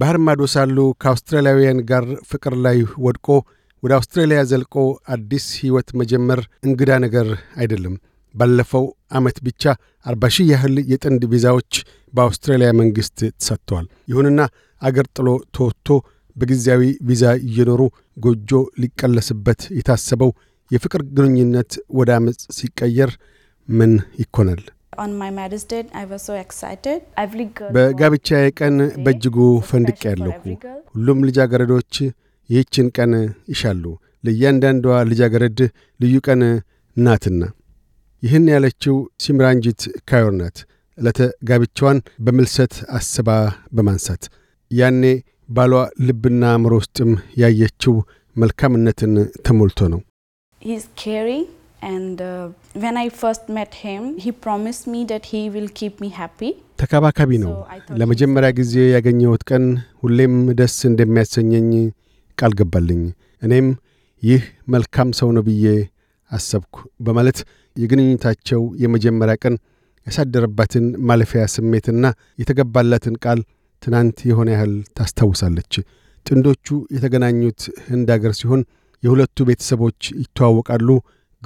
ባህር ማዶ ሳሉ ከአውስትራሊያውያን ጋር ፍቅር ላይ ወድቆ ወደ አውስትራሊያ ዘልቆ አዲስ ሕይወት መጀመር እንግዳ ነገር አይደለም። ባለፈው ዓመት ብቻ አርባ ሺህ ያህል የጥንድ ቪዛዎች በአውስትራሊያ መንግሥት ተሰጥተዋል። ይሁንና አገር ጥሎ ተወጥቶ በጊዜያዊ ቪዛ እየኖሩ ጎጆ ሊቀለስበት የታሰበው የፍቅር ግንኙነት ወደ ዓመፅ ሲቀየር ምን ይኮናል? በጋብቻዬ ቀን በእጅጉ ፈንድቅ ያለሁ። ሁሉም ልጃገረዶች ይህችን ቀን ይሻሉ፣ ለእያንዳንዷ ልጃገረድ ልዩ ቀን ናትና። ይህን ያለችው ሲምራንጂት ካዮር ናት። ዕለተ ጋብቻዋን በምልሰት አስባ በማንሳት ያኔ ባሏ ልብና አእምሮ ውስጥም ያየችው መልካምነትን ተሞልቶ ነው። ተከባካቢ ነው። ለመጀመሪያ ጊዜ ያገኘሁት ቀን ሁሌም ደስ እንደሚያሰኘኝ ቃል ገባልኝ። እኔም ይህ መልካም ሰው ነው ብዬ አሰብኩ በማለት የግንኙነታቸው የመጀመሪያ ቀን ያሳደረባትን ማለፊያ ስሜትና የተገባላትን ቃል ትናንት የሆነ ያህል ታስታውሳለች። ጥንዶቹ የተገናኙት ህንድ አገር ሲሆን የሁለቱ ቤተሰቦች ይተዋወቃሉ፣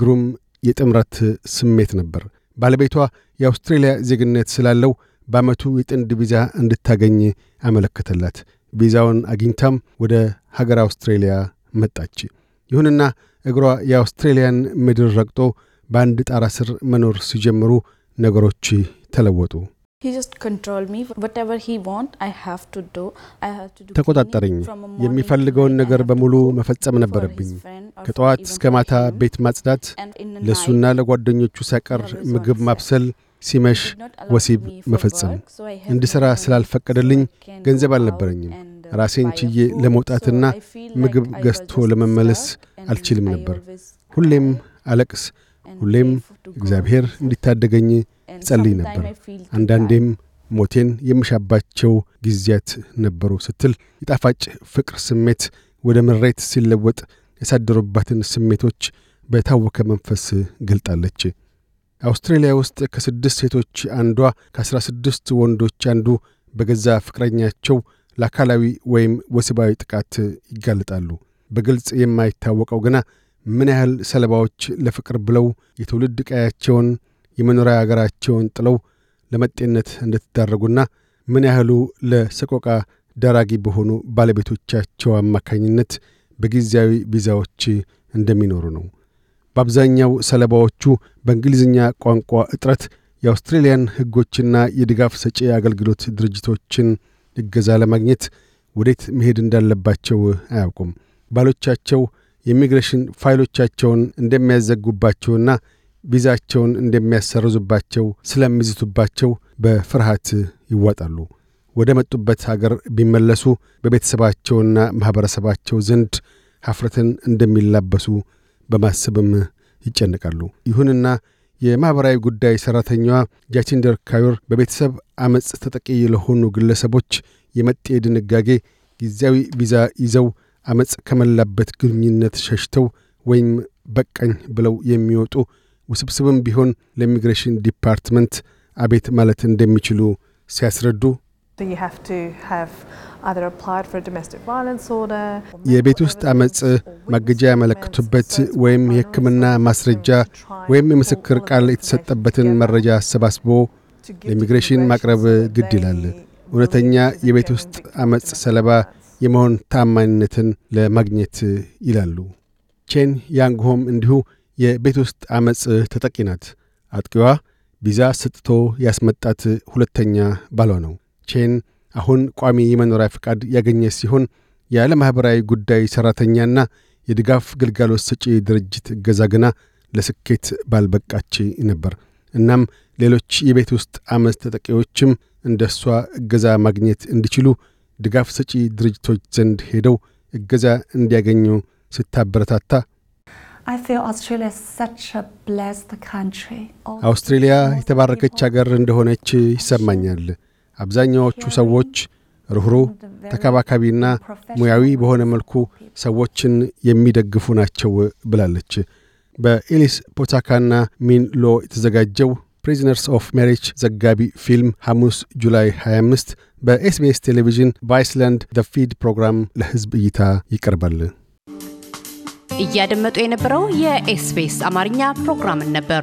ግሩም የጥምረት ስሜት ነበር። ባለቤቷ የአውስትሬልያ ዜግነት ስላለው በዓመቱ የጥንድ ቪዛ እንድታገኝ አመለከተላት። ቪዛውን አግኝታም ወደ ሀገር አውስትሬልያ መጣች። ይሁንና እግሯ የአውስትሬልያን ምድር ረግጦ በአንድ ጣራ ስር መኖር ሲጀምሩ ነገሮች ተለወጡ። ተቆጣጠረኝ። የሚፈልገውን ነገር በሙሉ መፈጸም ነበረብኝ። ከጠዋት እስከ ማታ ቤት ማጽዳት፣ ለእሱና ለጓደኞቹ ሳይቀር ምግብ ማብሰል፣ ሲመሽ ወሲብ መፈጸም። እንድሠራ ስላልፈቀደልኝ ገንዘብ አልነበረኝም። ራሴን ችዬ ለመውጣትና ምግብ ገዝቶ ለመመለስ አልችልም ነበር። ሁሌም አለቅስ፣ ሁሌም እግዚአብሔር እንዲታደገኝ ጸልይ ነበር። አንዳንዴም ሞቴን የምሻባቸው ጊዜያት ነበሩ ስትል የጣፋጭ ፍቅር ስሜት ወደ ምሬት ሲለወጥ ያሳደሩባትን ስሜቶች በታወከ መንፈስ ገልጣለች። አውስትሬልያ ውስጥ ከስድስት ሴቶች አንዷ ከአስራ ስድስት ወንዶች አንዱ በገዛ ፍቅረኛቸው ለአካላዊ ወይም ወሲባዊ ጥቃት ይጋለጣሉ። በግልጽ የማይታወቀው ግና ምን ያህል ሰለባዎች ለፍቅር ብለው የትውልድ ቀያቸውን የመኖሪያ አገራቸውን ጥለው ለመጤነት እንደተዳረጉና ምን ያህሉ ለሰቆቃ ደራጊ በሆኑ ባለቤቶቻቸው አማካኝነት በጊዜያዊ ቪዛዎች እንደሚኖሩ ነው። በአብዛኛው ሰለባዎቹ በእንግሊዝኛ ቋንቋ እጥረት የአውስትሬልያን ሕጎችና የድጋፍ ሰጪ አገልግሎት ድርጅቶችን እገዛ ለማግኘት ወዴት መሄድ እንዳለባቸው አያውቁም። ባሎቻቸው የኢሚግሬሽን ፋይሎቻቸውን እንደሚያዘጉባቸውና ቪዛቸውን እንደሚያሰርዙባቸው ስለሚዝቱባቸው በፍርሃት ይዋጣሉ። ወደ መጡበት አገር ቢመለሱ በቤተሰባቸውና ማኅበረሰባቸው ዘንድ ሐፍረትን እንደሚላበሱ በማሰብም ይጨነቃሉ። ይሁንና የማኅበራዊ ጉዳይ ሠራተኛዋ ጃቺንደር ካዩር በቤተሰብ አመፅ ተጠቂ ለሆኑ ግለሰቦች የመጤ ድንጋጌ ጊዜያዊ ቪዛ ይዘው አመፅ ከመላበት ግንኙነት ሸሽተው ወይም በቃኝ ብለው የሚወጡ ውስብስብም ቢሆን ለኢሚግሬሽን ዲፓርትመንት አቤት ማለት እንደሚችሉ ሲያስረዱ የቤት ውስጥ አመጽ ማገጃ ያመለክቱበት ወይም የሕክምና ማስረጃ ወይም የምስክር ቃል የተሰጠበትን መረጃ አሰባስቦ ለኢሚግሬሽን ማቅረብ ግድ ይላል። እውነተኛ የቤት ውስጥ አመጽ ሰለባ የመሆን ታማኝነትን ለማግኘት ይላሉ። ቼን ያንግሆም እንዲሁ የቤት ውስጥ አመጽ ተጠቂ ናት። አጥቂዋ ቪዛ ሰጥቶ ያስመጣት ሁለተኛ ባሏ ነው። ቼን አሁን ቋሚ የመኖሪያ ፈቃድ ያገኘ ሲሆን ያለ ማኅበራዊ ጉዳይ ሠራተኛና የድጋፍ ግልጋሎት ሰጪ ድርጅት እገዛ ግና ለስኬት ባልበቃች ነበር። እናም ሌሎች የቤት ውስጥ አመፅ ተጠቂዎችም እንደ እሷ እገዛ ማግኘት እንዲችሉ ድጋፍ ሰጪ ድርጅቶች ዘንድ ሄደው እገዛ እንዲያገኙ ስታበረታታ አውስትሬልያ የተባረከች አገር እንደሆነች ይሰማኛል። አብዛኛዎቹ ሰዎች ርኅሩህ ተከባካቢና ሙያዊ በሆነ መልኩ ሰዎችን የሚደግፉ ናቸው ብላለች። በኤሊስ ፖታካና ሚንሎ የተዘጋጀው ፕሪዝነርስ ኦፍ ሜሪጅ ዘጋቢ ፊልም ሐሙስ ጁላይ 25 በኤስቢኤስ ቴሌቪዥን በአይስላንድ ፊድ ፕሮግራም ለሕዝብ እይታ ይቀርባል። እያደመጡ የነበረው የኤስቢኤስ አማርኛ ፕሮግራምን ነበር።